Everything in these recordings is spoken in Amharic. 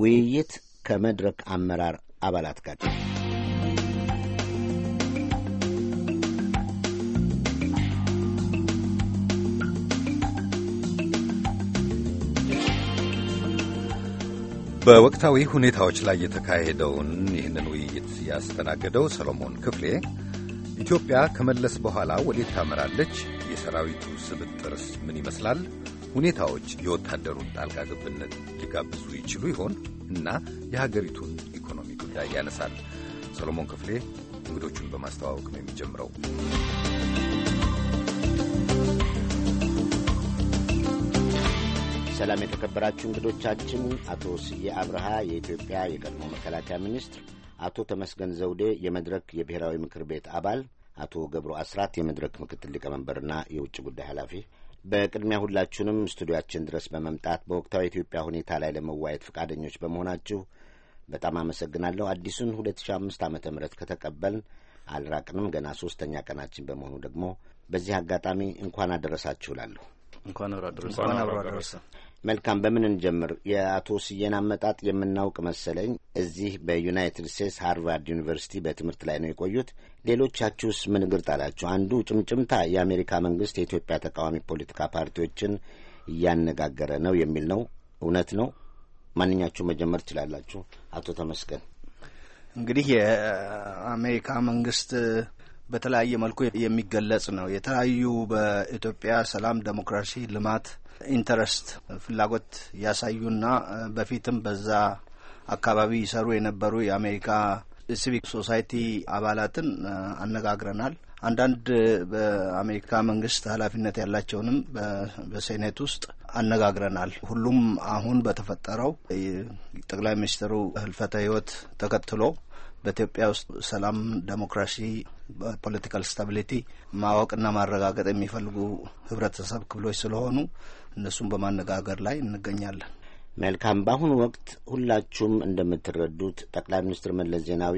ውይይት ከመድረክ አመራር አባላት ጋር በወቅታዊ ሁኔታዎች ላይ የተካሄደውን ይህንን ውይይት ያስተናገደው ሰሎሞን ክፍሌ ኢትዮጵያ ከመለስ በኋላ ወዴት ታመራለች? የሰራዊቱ ስብጥርስ ምን ይመስላል? ሁኔታዎች የወታደሩን ጣልቃ ገብነት ሊጋብዙ ይችሉ ይሆን እና የሀገሪቱን ኢኮኖሚ ጉዳይ ያነሳል። ሰሎሞን ክፍሌ እንግዶቹን በማስተዋወቅ ነው የሚጀምረው። ሰላም የተከበራችሁ እንግዶቻችን፣ አቶ ስዬ አብርሃ የኢትዮጵያ የቀድሞ መከላከያ ሚኒስትር፣ አቶ ተመስገን ዘውዴ የመድረክ የብሔራዊ ምክር ቤት አባል፣ አቶ ገብሩ አስራት የመድረክ ምክትል ሊቀመንበርና የውጭ ጉዳይ ኃላፊ በቅድሚያ ሁላችሁንም ስቱዲያችን ድረስ በመምጣት በወቅታዊ የኢትዮጵያ ሁኔታ ላይ ለመዋየት ፈቃደኞች በመሆናችሁ በጣም አመሰግናለሁ። አዲሱን ሁለት ሺ አምስት ዓመተ ከተቀበልን አልራቅንም። ገና ሶስተኛ ቀናችን በመሆኑ ደግሞ በዚህ አጋጣሚ እንኳን አደረሳችሁ ላለሁ እንኳን አብሮ አደረሰ። መልካም በምን እንጀምር? የአቶ ስዬን አመጣጥ የምናውቅ መሰለኝ። እዚህ በዩናይትድ ስቴትስ ሃርቫርድ ዩኒቨርሲቲ በትምህርት ላይ ነው የቆዩት። ሌሎቻችሁስ ምን እግር ጣላችሁ? አንዱ ጭምጭምታ የአሜሪካ መንግስት የኢትዮጵያ ተቃዋሚ ፖለቲካ ፓርቲዎችን እያነጋገረ ነው የሚል ነው። እውነት ነው? ማንኛችሁ መጀመር ትችላላችሁ? አቶ ተመስገን። እንግዲህ የአሜሪካ መንግስት በተለያየ መልኩ የሚገለጽ ነው። የተለያዩ በኢትዮጵያ ሰላም፣ ዴሞክራሲ፣ ልማት ኢንተረስት ፍላጎት ያሳዩና በፊትም በዛ አካባቢ ይሰሩ የነበሩ የአሜሪካ ሲቪክ ሶሳይቲ አባላትን አነጋግረናል። አንዳንድ በአሜሪካ መንግስት ኃላፊነት ያላቸውንም በሴኔት ውስጥ አነጋግረናል። ሁሉም አሁን በተፈጠረው ጠቅላይ ሚኒስትሩ ህልፈተ ህይወት ተከትሎ በኢትዮጵያ ውስጥ ሰላም፣ ዴሞክራሲ፣ ፖለቲካል ስታቢሊቲ ማወቅና ማረጋገጥ የሚፈልጉ ህብረተሰብ ክፍሎች ስለሆኑ እነሱን በማነጋገር ላይ እንገኛለን። መልካም። በአሁኑ ወቅት ሁላችሁም እንደምትረዱት ጠቅላይ ሚኒስትር መለስ ዜናዊ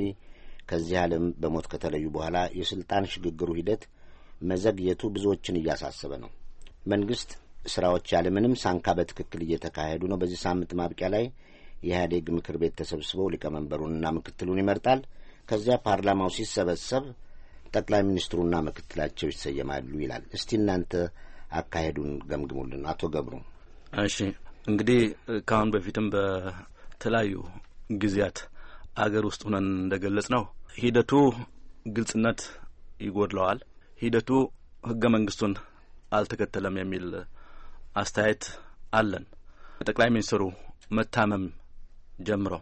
ከዚህ ዓለም በሞት ከተለዩ በኋላ የስልጣን ሽግግሩ ሂደት መዘግየቱ ብዙዎችን እያሳሰበ ነው። መንግስት ስራዎች ያለምንም ሳንካ በትክክል እየተካሄዱ ነው። በዚህ ሳምንት ማብቂያ ላይ የኢህአዴግ ምክር ቤት ተሰብስበው ሊቀመንበሩንና ምክትሉን ይመርጣል። ከዚያ ፓርላማው ሲሰበሰብ ጠቅላይ ሚኒስትሩና ምክትላቸው ይሰየማሉ ይላል። እስቲ እናንተ አካሄዱን ገምግሙልን አቶ ገብሩ። እሺ እንግዲህ ከአሁን በፊትም በተለያዩ ጊዜያት አገር ውስጥ ሁነን እንደገለጽ ነው ሂደቱ ግልጽነት ይጎድለዋል። ሂደቱ ህገ መንግስቱን አልተከተለም የሚል አስተያየት አለን። ጠቅላይ ሚኒስትሩ መታመም ጀምሮ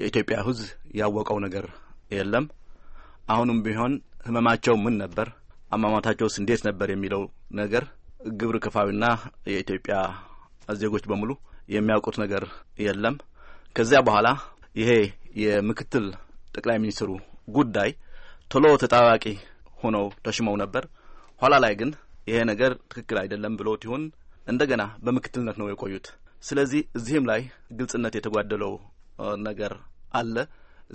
የኢትዮጵያ ሕዝብ ያወቀው ነገር የለም። አሁንም ቢሆን ህመማቸው ምን ነበር፣ አሟሟታቸውስ እንዴት ነበር የሚለው ነገር ግብር ከፋዊና የኢትዮጵያ ዜጎች በሙሉ የሚያውቁት ነገር የለም። ከዚያ በኋላ ይሄ የምክትል ጠቅላይ ሚኒስትሩ ጉዳይ ቶሎ ተጣባቂ ሆነው ተሽመው ነበር። ኋላ ላይ ግን ይሄ ነገር ትክክል አይደለም ብሎት ይሁን እንደገና በምክትልነት ነው የቆዩት። ስለዚህ እዚህም ላይ ግልጽነት የተጓደለው ነገር አለ፣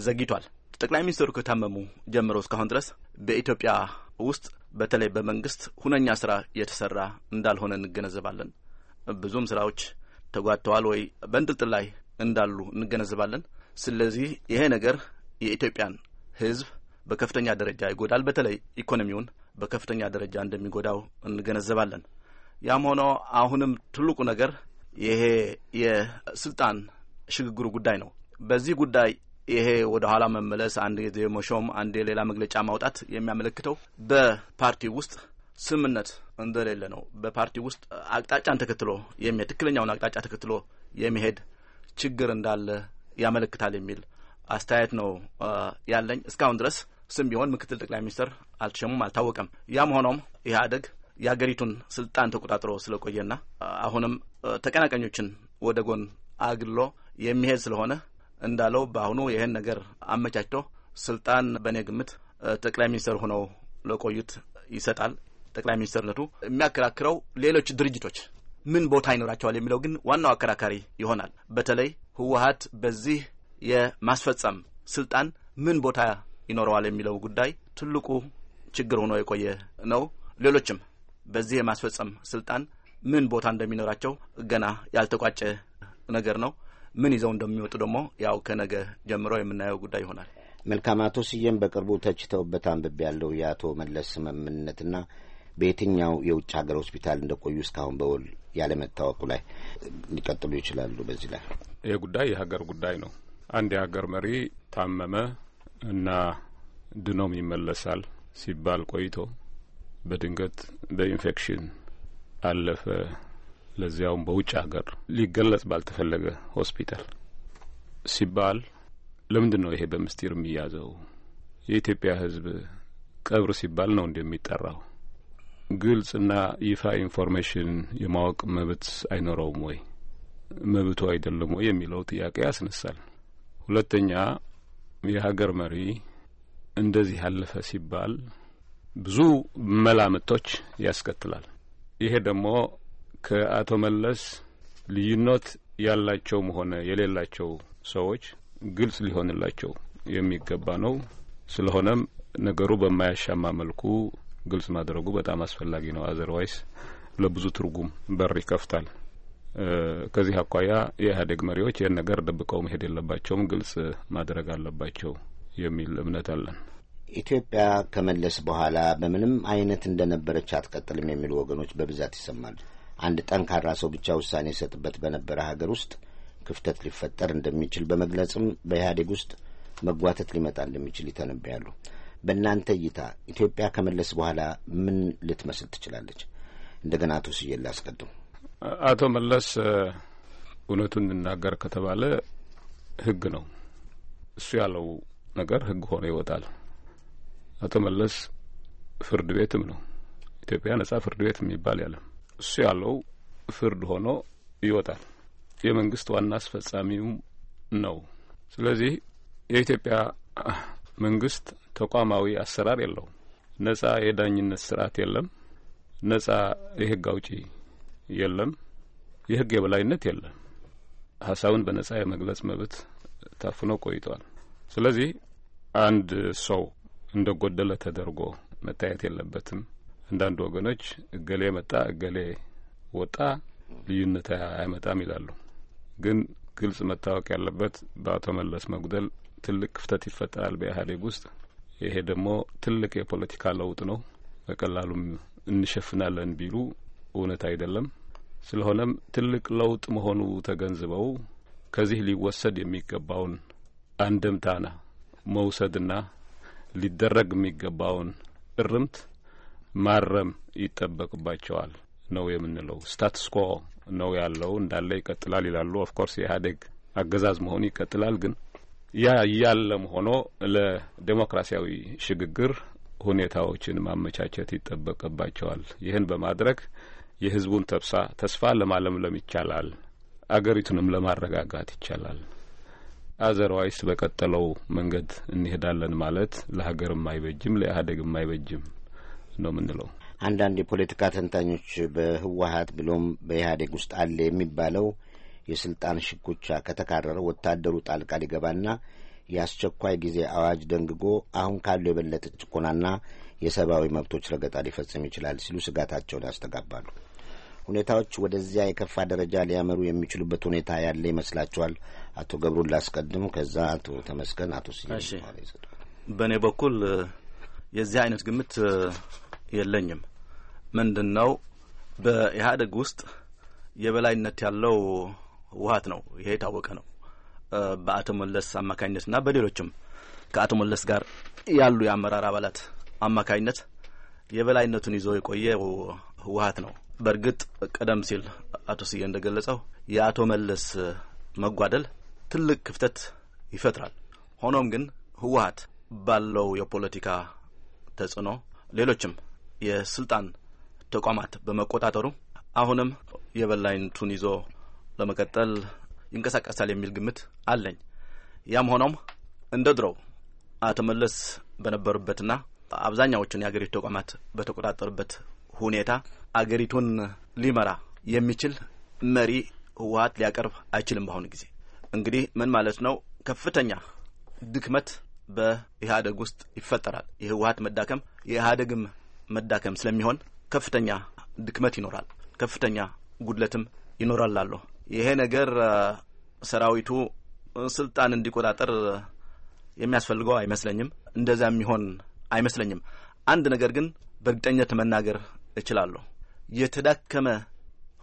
ዘግይቷል። ጠቅላይ ሚኒስትሩ ከታመሙ ጀምሮ እስካሁን ድረስ በኢትዮጵያ ውስጥ በተለይ በመንግስት ሁነኛ ስራ የተሰራ እንዳልሆነ እንገነዘባለን። ብዙም ስራዎች ተጓድተዋል ወይ በእንጥልጥል ላይ እንዳሉ እንገነዘባለን። ስለዚህ ይሄ ነገር የኢትዮጵያን ሕዝብ በከፍተኛ ደረጃ ይጎዳል። በተለይ ኢኮኖሚውን በከፍተኛ ደረጃ እንደሚጎዳው እንገነዘባለን። ያም ሆኖ አሁንም ትልቁ ነገር ይሄ የስልጣን ሽግግሩ ጉዳይ ነው። በዚህ ጉዳይ ይሄ ወደ ኋላ መመለስ፣ አንድ ጊዜ መሾም፣ አንድ ሌላ መግለጫ ማውጣት የሚያመለክተው በፓርቲ ውስጥ ስምምነት እንደሌለ ነው። በፓርቲ ውስጥ አቅጣጫን ተከትሎ የሚሄድ ትክክለኛውን አቅጣጫ ተከትሎ የሚሄድ ችግር እንዳለ ያመለክታል የሚል አስተያየት ነው ያለኝ። እስካሁን ድረስ ስም ቢሆን ምክትል ጠቅላይ ሚኒስትር አልተሸሙም፣ አልታወቀም። ያም ሆኖም ኢህአዴግ የሀገሪቱን ስልጣን ተቆጣጥሮ ስለቆየና አሁንም ተቀናቃኞችን ወደ ጎን አግሎ የሚሄድ ስለሆነ እንዳለው በአሁኑ ይህን ነገር አመቻችቶ ስልጣን በእኔ ግምት ጠቅላይ ሚኒስትር ሆነው ለቆዩት ይሰጣል። ጠቅላይ ሚኒስትርነቱ የሚያከራክረው ሌሎች ድርጅቶች ምን ቦታ ይኖራቸዋል የሚለው ግን ዋናው አከራካሪ ይሆናል። በተለይ ህወሀት በዚህ የማስፈጸም ስልጣን ምን ቦታ ይኖረዋል የሚለው ጉዳይ ትልቁ ችግር ሆኖ የቆየ ነው። ሌሎችም በዚህ የማስፈጸም ስልጣን ምን ቦታ እንደሚኖራቸው ገና ያልተቋጨ ነገር ነው። ምን ይዘው እንደሚወጡ ደግሞ ያው ከነገ ጀምሮ የምናየው ጉዳይ ይሆናል። መልካም። አቶ ስዬም በቅርቡ ተችተውበት አንብቤ ያለው የአቶ መለስ ስምምነትና በየትኛው የውጭ ሀገር ሆስፒታል እንደቆዩ እስካሁን በውል ያለመታወቁ ላይ ሊቀጥሉ ይችላሉ። በዚህ ላይ ይህ ጉዳይ የሀገር ጉዳይ ነው። አንድ የሀገር መሪ ታመመ እና ድኖም ይመለሳል ሲባል ቆይቶ በድንገት በኢንፌክሽን አለፈ። ለዚያውም በውጭ ሀገር ሊገለጽ ባልተፈለገ ሆስፒታል ሲባል ለምንድን ነው ይሄ በምስጢር የሚያዘው? የኢትዮጵያ ሕዝብ ቀብር ሲባል ነው እንደሚጠራው ግልጽና ይፋ ኢንፎርሜሽን የማወቅ መብት አይኖረውም ወይ? መብቱ አይደለም ወይ የሚለው ጥያቄ ያስነሳል። ሁለተኛ የሀገር መሪ እንደዚህ ያለፈ ሲባል ብዙ መላምቶች ያስከትላል። ይሄ ደግሞ ከአቶ መለስ ልዩነት ያላቸውም ሆነ የሌላቸው ሰዎች ግልጽ ሊሆንላቸው የሚገባ ነው። ስለሆነም ነገሩ በማያሻማ መልኩ ግልጽ ማድረጉ በጣም አስፈላጊ ነው። አዘርዋይስ ለብዙ ትርጉም በር ይከፍታል። ከዚህ አኳያ የኢህአዴግ መሪዎች ይህን ነገር ደብቀው መሄድ የለባቸውም፣ ግልጽ ማድረግ አለባቸው የሚል እምነት አለን። ኢትዮጵያ ከመለስ በኋላ በምንም አይነት እንደነበረች አትቀጥልም የሚሉ ወገኖች በብዛት ይሰማሉ። አንድ ጠንካራ ሰው ብቻ ውሳኔ ይሰጥበት በነበረ ሀገር ውስጥ ክፍተት ሊፈጠር እንደሚችል በመግለጽም በኢህአዴግ ውስጥ መጓተት ሊመጣ እንደሚችል ይተነብያሉ። በእናንተ እይታ ኢትዮጵያ ከመለስ በኋላ ምን ልትመስል ትችላለች? እንደገና አቶ ስዬ ላስቀድሙ። አቶ መለስ እውነቱን እንናገር ከተባለ ህግ ነው እሱ ያለው ነገር ህግ ሆኖ ይወጣል። አቶ መለስ ፍርድ ቤትም ነው ኢትዮጵያ ነጻ ፍርድ ቤት የሚባል ያለም እሱ ያለው ፍርድ ሆኖ ይወጣል። የመንግስት ዋና አስፈጻሚውም ነው። ስለዚህ የኢትዮጵያ መንግስት ተቋማዊ አሰራር የለውም። ነጻ የዳኝነት ስርዓት የለም። ነጻ የህግ አውጪ የለም። የህግ የበላይነት የለም። ሀሳቡን በነጻ የመግለጽ መብት ታፍኖ ቆይቷል። ስለዚህ አንድ ሰው እንደ ጐደለ ተደርጎ መታየት የለበትም። አንዳንድ ወገኖች እገሌ መጣ እገሌ ወጣ ልዩነት አይመጣም ይላሉ። ግን ግልጽ መታወቅ ያለበት በአቶ መለስ መጉደል ትልቅ ክፍተት ይፈጠራል በኢህአዴግ ውስጥ። ይሄ ደግሞ ትልቅ የፖለቲካ ለውጥ ነው። በቀላሉም እንሸፍናለን ቢሉ እውነት አይደለም። ስለሆነም ትልቅ ለውጥ መሆኑ ተገንዝበው ከዚህ ሊወሰድ የሚገባውን አንድምታና መውሰድና ሊደረግ የሚገባውን እርምት ማረም ይጠበቅባቸዋል ነው የምንለው። ስታትስ ኮ ነው ያለው እንዳለ ይቀጥላል ይላሉ። ኦፍኮርስ የኢህአዴግ አገዛዝ መሆኑ ይቀጥላል። ግን ያ እያለም ሆኖ ለዴሞክራሲያዊ ሽግግር ሁኔታዎችን ማመቻቸት ይጠበቅባቸዋል። ይህን በማድረግ የህዝቡን ተብሳ ተስፋ ለማለምለም ይቻላል። አገሪቱንም ለማረጋጋት ይቻላል። አዘርዋይስ በቀጠለው መንገድ እንሄዳለን ማለት ለሀገር የማይበጅም ለኢህአዴግም ማይበጅም ነው የምንለው። አንዳንድ የፖለቲካ ተንታኞች በህወሀት ብሎም በኢህአዴግ ውስጥ አለ የሚባለው የስልጣን ሽኩቻ ከተካረረ ወታደሩ ጣልቃ ሊገባና የአስቸኳይ ጊዜ አዋጅ ደንግጎ አሁን ካሉ የበለጠ ጭቆናና የሰብአዊ መብቶች ረገጣ ሊፈጽም ይችላል ሲሉ ስጋታቸውን ያስተጋባሉ። ሁኔታዎች ወደዚያ የከፋ ደረጃ ሊያመሩ የሚችሉበት ሁኔታ ያለ ይመስላችኋል? አቶ ገብሩን ላስቀድም፣ ከዛ አቶ ተመስገን፣ አቶ ሲ በእኔ በኩል የዚህ አይነት ግምት የለኝም። ምንድን ነው በኢህአዴግ ውስጥ የበላይነት ያለው ህወሀት ነው። ይሄ የታወቀ ነው። በአቶ መለስ አማካኝነትና በሌሎችም ከአቶ መለስ ጋር ያሉ የአመራር አባላት አማካኝነት የበላይነቱን ይዞ የቆየ ህወሀት ነው። በእርግጥ ቀደም ሲል አቶ ስዬ እንደገለጸው የአቶ መለስ መጓደል ትልቅ ክፍተት ይፈጥራል። ሆኖም ግን ህወሀት ባለው የፖለቲካ ተጽዕኖ ሌሎችም የስልጣን ተቋማት በመቆጣጠሩ አሁንም የበላይነቱን ይዞ ለመቀጠል ይንቀሳቀሳል የሚል ግምት አለኝ። ያም ሆኖም እንደ ድሮው አቶ መለስ በነበሩበትና አብዛኛዎቹን የአገሪቱ ተቋማት በተቆጣጠሩበት ሁኔታ አገሪቱን ሊመራ የሚችል መሪ ህወሀት ሊያቀርብ አይችልም። በአሁኑ ጊዜ እንግዲህ ምን ማለት ነው? ከፍተኛ ድክመት በኢህአደግ ውስጥ ይፈጠራል። የህወሀት መዳከም የኢህአደግም መዳከም ስለሚሆን ከፍተኛ ድክመት ይኖራል፣ ከፍተኛ ጉድለትም ይኖራል አሉ። ይሄ ነገር ሰራዊቱ ስልጣን እንዲቆጣጠር የሚያስፈልገው አይመስለኝም። እንደዛ የሚሆን አይመስለኝም። አንድ ነገር ግን በእርግጠኝነት መናገር እችላለሁ። የተዳከመ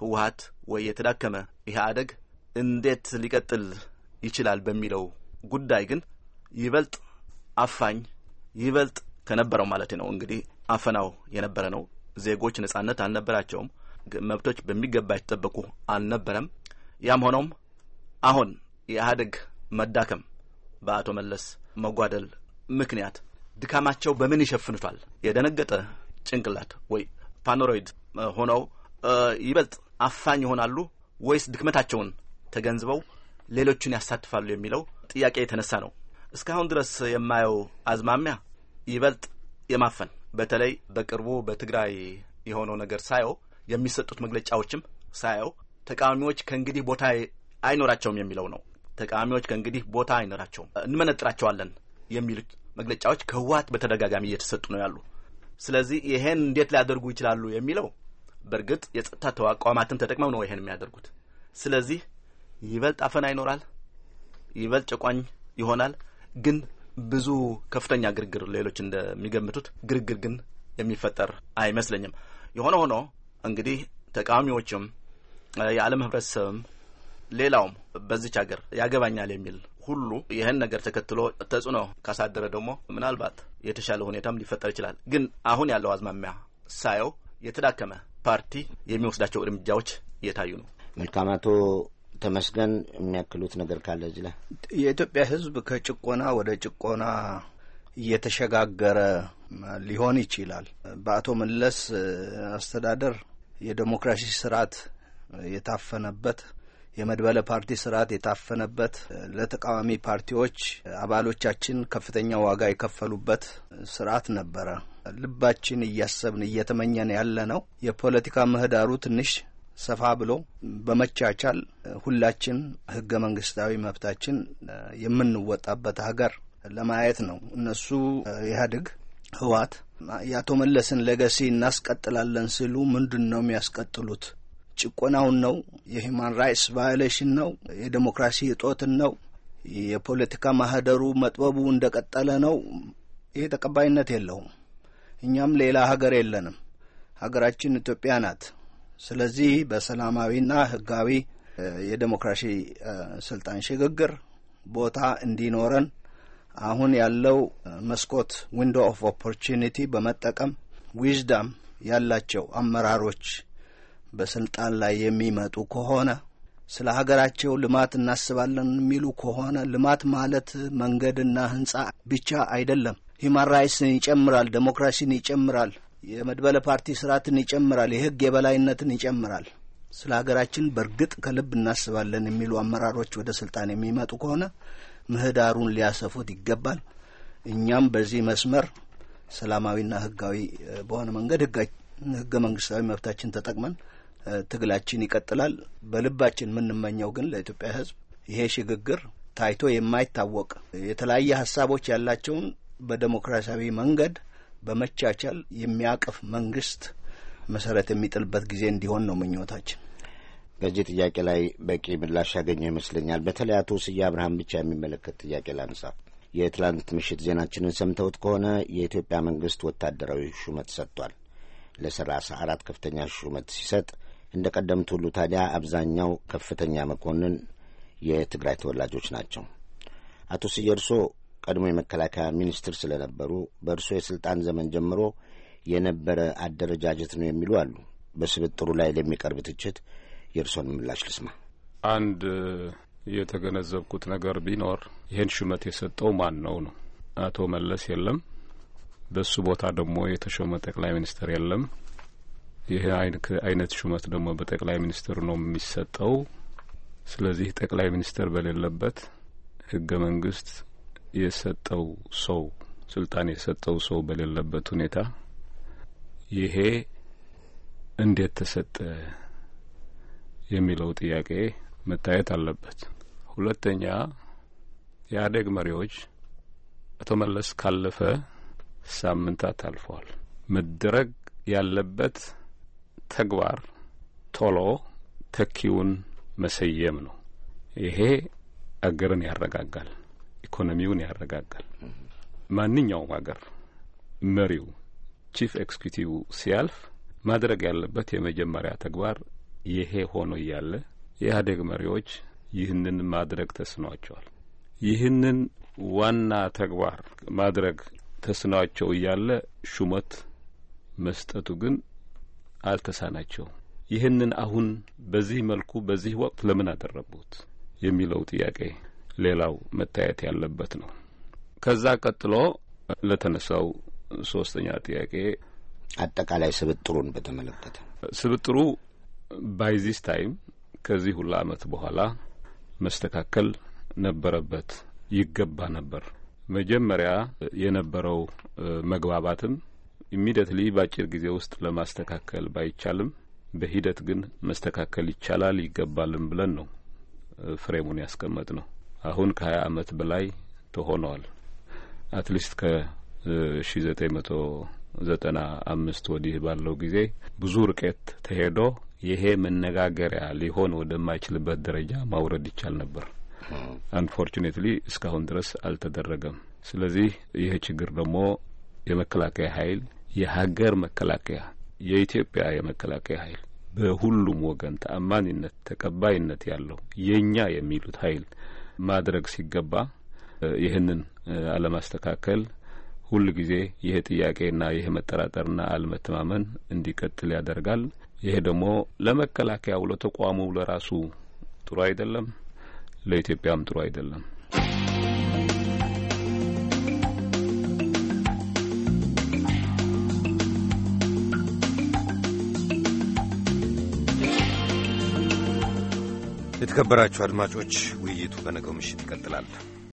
ህወሀት ወይ የተዳከመ ኢህአዴግ እንዴት ሊቀጥል ይችላል በሚለው ጉዳይ ግን ይበልጥ አፋኝ ይበልጥ ከነበረው ማለት ነው እንግዲህ አፈናው የነበረ ነው። ዜጎች ነጻነት አልነበራቸውም። መብቶች በሚገባ የተጠበቁ አልነበረም። ያም ሆኖም አሁን የኢህአዴግ መዳከም በአቶ መለስ መጓደል ምክንያት ድካማቸው በምን ይሸፍኑታል? የደነገጠ ጭንቅላት ወይ ፓኖሮይድ ሆነው ይበልጥ አፋኝ ይሆናሉ ወይስ ድክመታቸውን ተገንዝበው ሌሎችን ያሳትፋሉ የሚለው ጥያቄ የተነሳ ነው። እስካሁን ድረስ የማየው አዝማሚያ ይበልጥ የማፈን በተለይ በቅርቡ በትግራይ የሆነው ነገር ሳየው የሚሰጡት መግለጫዎችም ሳየው ተቃዋሚዎች ከእንግዲህ ቦታ አይኖራቸውም የሚለው ነው። ተቃዋሚዎች ከእንግዲህ ቦታ አይኖራቸውም፣ እንመነጥራቸዋለን የሚሉት መግለጫዎች ከህወሀት በተደጋጋሚ እየተሰጡ ነው ያሉ ስለዚህ ይሄን እንዴት ሊያደርጉ ይችላሉ የሚለው በእርግጥ የጸጥታ ተቋማትን ተጠቅመው ነው ይሄን የሚያደርጉት። ስለዚህ ይበልጥ አፈና ይኖራል፣ ይበልጥ ጨቋኝ ይሆናል። ግን ብዙ ከፍተኛ ግርግር፣ ሌሎች እንደሚገምቱት ግርግር ግን የሚፈጠር አይመስለኝም። የሆነ ሆኖ እንግዲህ ተቃዋሚዎችም የዓለም ህብረተሰብም ሌላውም በዚች ሀገር ያገባኛል የሚል ሁሉ ይህን ነገር ተከትሎ ተጽዕኖ ካሳደረ ደግሞ ምናልባት የተሻለ ሁኔታም ሊፈጠር ይችላል። ግን አሁን ያለው አዝማሚያ ሳየው የተዳከመ ፓርቲ የሚወስዳቸው እርምጃዎች እየታዩ ነው። መልካም አቶ ተመስገን የሚያክሉት ነገር ካለ እዚህ ላይ የኢትዮጵያ ሕዝብ ከጭቆና ወደ ጭቆና እየተሸጋገረ ሊሆን ይችላል። በአቶ መለስ አስተዳደር የዴሞክራሲ ስርዓት የታፈነበት የመድበለ ፓርቲ ስርዓት የታፈነበት ለተቃዋሚ ፓርቲዎች አባሎቻችን ከፍተኛ ዋጋ የከፈሉበት ስርዓት ነበረ። ልባችን እያሰብን እየተመኘን ያለ ነው የፖለቲካ ምህዳሩ ትንሽ ሰፋ ብሎ በመቻቻል ሁላችን ህገ መንግስታዊ መብታችን የምንወጣበት ሀገር ለማየት ነው። እነሱ ኢህአዴግ፣ ህወሓት የአቶ መለስን ሌጋሲ እናስቀጥላለን ሲሉ ምንድን ነው የሚያስቀጥሉት? ጭቆናውን ነው፣ የሂማን ራይትስ ቫዮሌሽን ነው፣ የዴሞክራሲ እጦትን ነው፣ የፖለቲካ ማህደሩ መጥበቡ እንደቀጠለ ነው። ይሄ ተቀባይነት የለውም። እኛም ሌላ ሀገር የለንም። ሀገራችን ኢትዮጵያ ናት። ስለዚህ በሰላማዊና ህጋዊ የዴሞክራሲ ስልጣን ሽግግር ቦታ እንዲኖረን አሁን ያለው መስኮት ዊንዶ ኦፍ ኦፖርቹኒቲ በመጠቀም ዊዝዳም ያላቸው አመራሮች በስልጣን ላይ የሚመጡ ከሆነ ስለ ሀገራቸው ልማት እናስባለን የሚሉ ከሆነ ልማት ማለት መንገድና ህንጻ ብቻ አይደለም። ሂማን ራይትስን ይጨምራል፣ ዴሞክራሲን ይጨምራል፣ የመድበለ ፓርቲ ስርዓትን ይጨምራል፣ የህግ የበላይነትን ይጨምራል። ስለ ሀገራችን በእርግጥ ከልብ እናስባለን የሚሉ አመራሮች ወደ ስልጣን የሚመጡ ከሆነ ምህዳሩን ሊያሰፉት ይገባል። እኛም በዚህ መስመር ሰላማዊና ህጋዊ በሆነ መንገድ ህገ መንግስታዊ መብታችን ተጠቅመን ትግላችን ይቀጥላል። በልባችን የምንመኘው ግን ለኢትዮጵያ ሕዝብ ይሄ ሽግግር ታይቶ የማይታወቅ የተለያየ ሀሳቦች ያላቸውን በዴሞክራሲያዊ መንገድ በመቻቻል የሚያቅፍ መንግስት መሰረት የሚጥልበት ጊዜ እንዲሆን ነው ምኞታችን። በዚህ ጥያቄ ላይ በቂ ምላሽ ያገኘ ይመስለኛል። በተለይ አቶ ስዬ አብርሃም ብቻ የሚመለከት ጥያቄ ላንሳ። የትላንት ምሽት ዜናችንን ሰምተውት ከሆነ የኢትዮጵያ መንግስት ወታደራዊ ሹመት ሰጥቷል። ለሰላሳ አራት ከፍተኛ ሹመት ሲሰጥ እንደ ቀደምት ሁሉ ታዲያ አብዛኛው ከፍተኛ መኮንን የትግራይ ተወላጆች ናቸው። አቶ ስዬ እርሶ ቀድሞ የመከላከያ ሚኒስትር ስለነበሩ በእርሶ የስልጣን ዘመን ጀምሮ የነበረ አደረጃጀት ነው የሚሉ አሉ። በስብጥሩ ላይ ለሚቀርብ ትችት የእርሶን ምላሽ ልስማ። አንድ የተገነዘብኩት ነገር ቢኖር ይህን ሹመት የሰጠው ማን ነው ነው። አቶ መለስ የለም፣ በሱ ቦታ ደግሞ የተሾመ ጠቅላይ ሚኒስትር የለም። ይሄ አይነት ሹመት ደግሞ በጠቅላይ ሚኒስትሩ ነው የሚሰጠው። ስለዚህ ጠቅላይ ሚኒስትር በሌለበት ህገ መንግስት የሰጠው ሰው ስልጣን የሰጠው ሰው በሌለበት ሁኔታ ይሄ እንዴት ተሰጠ የሚለው ጥያቄ መታየት አለበት። ሁለተኛ የኢህአዴግ መሪዎች አቶ መለስ ካለፈ ሳምንታት አልፈዋል። መደረግ ያለበት ተግባር ቶሎ ተኪውን መሰየም ነው። ይሄ አገርን ያረጋጋል፣ ኢኮኖሚውን ያረጋጋል። ማንኛውም አገር መሪው ቺፍ ኤክስኪዩቲቭ ሲያልፍ ማድረግ ያለበት የመጀመሪያ ተግባር ይሄ ሆኖ እያለ የኢህአዴግ መሪዎች ይህንን ማድረግ ተስኗቸዋል። ይህንን ዋና ተግባር ማድረግ ተስኗቸው እያለ ሹመት መስጠቱ ግን አልተሳናቸው። ይህንን አሁን በዚህ መልኩ በዚህ ወቅት ለምን አደረጉት የሚለው ጥያቄ ሌላው መታየት ያለበት ነው። ከዛ ቀጥሎ ለተነሳው ሶስተኛ ጥያቄ አጠቃላይ ስብጥሩን በተመለከተ ስብጥሩ ባይዚስ ታይም ከዚህ ሁሉ አመት በኋላ መስተካከል ነበረበት፣ ይገባ ነበር። መጀመሪያ የነበረው መግባባትም ኢሚዲየትሊ በአጭር ጊዜ ውስጥ ለማስተካከል ባይቻልም በሂደት ግን መስተካከል ይቻላል ይገባልም ብለን ነው ፍሬሙን ያስቀመጥ ነው። አሁን ከሀያ አመት በላይ ተሆነዋል። አትሊስት ሺ ዘጠኝ መቶ ዘጠና አምስት ወዲህ ባለው ጊዜ ብዙ ርቀት ተሄዶ ይሄ መነጋገሪያ ሊሆን ወደማይችልበት ደረጃ ማውረድ ይቻል ነበር። አንፎርቹኔትሊ እስካሁን ድረስ አልተደረገም። ስለዚህ ይህ ችግር ደግሞ የመከላከያ ኃይል የሀገር መከላከያ የኢትዮጵያ የመከላከያ ኃይል በሁሉም ወገን ተአማኒነት፣ ተቀባይነት ያለው የእኛ የሚሉት ኃይል ማድረግ ሲገባ ይህንን አለማስተካከል ሁል ጊዜ ይሄ ጥያቄና ይሄ መጠራጠርና አለመተማመን እንዲቀጥል ያደርጋል። ይሄ ደግሞ ለመከላከያው ለተቋሙ ለራሱ ጥሩ አይደለም፣ ለኢትዮጵያም ጥሩ አይደለም። የተከበራችሁ አድማጮች ውይይቱ በነገው ምሽት ይቀጥላል።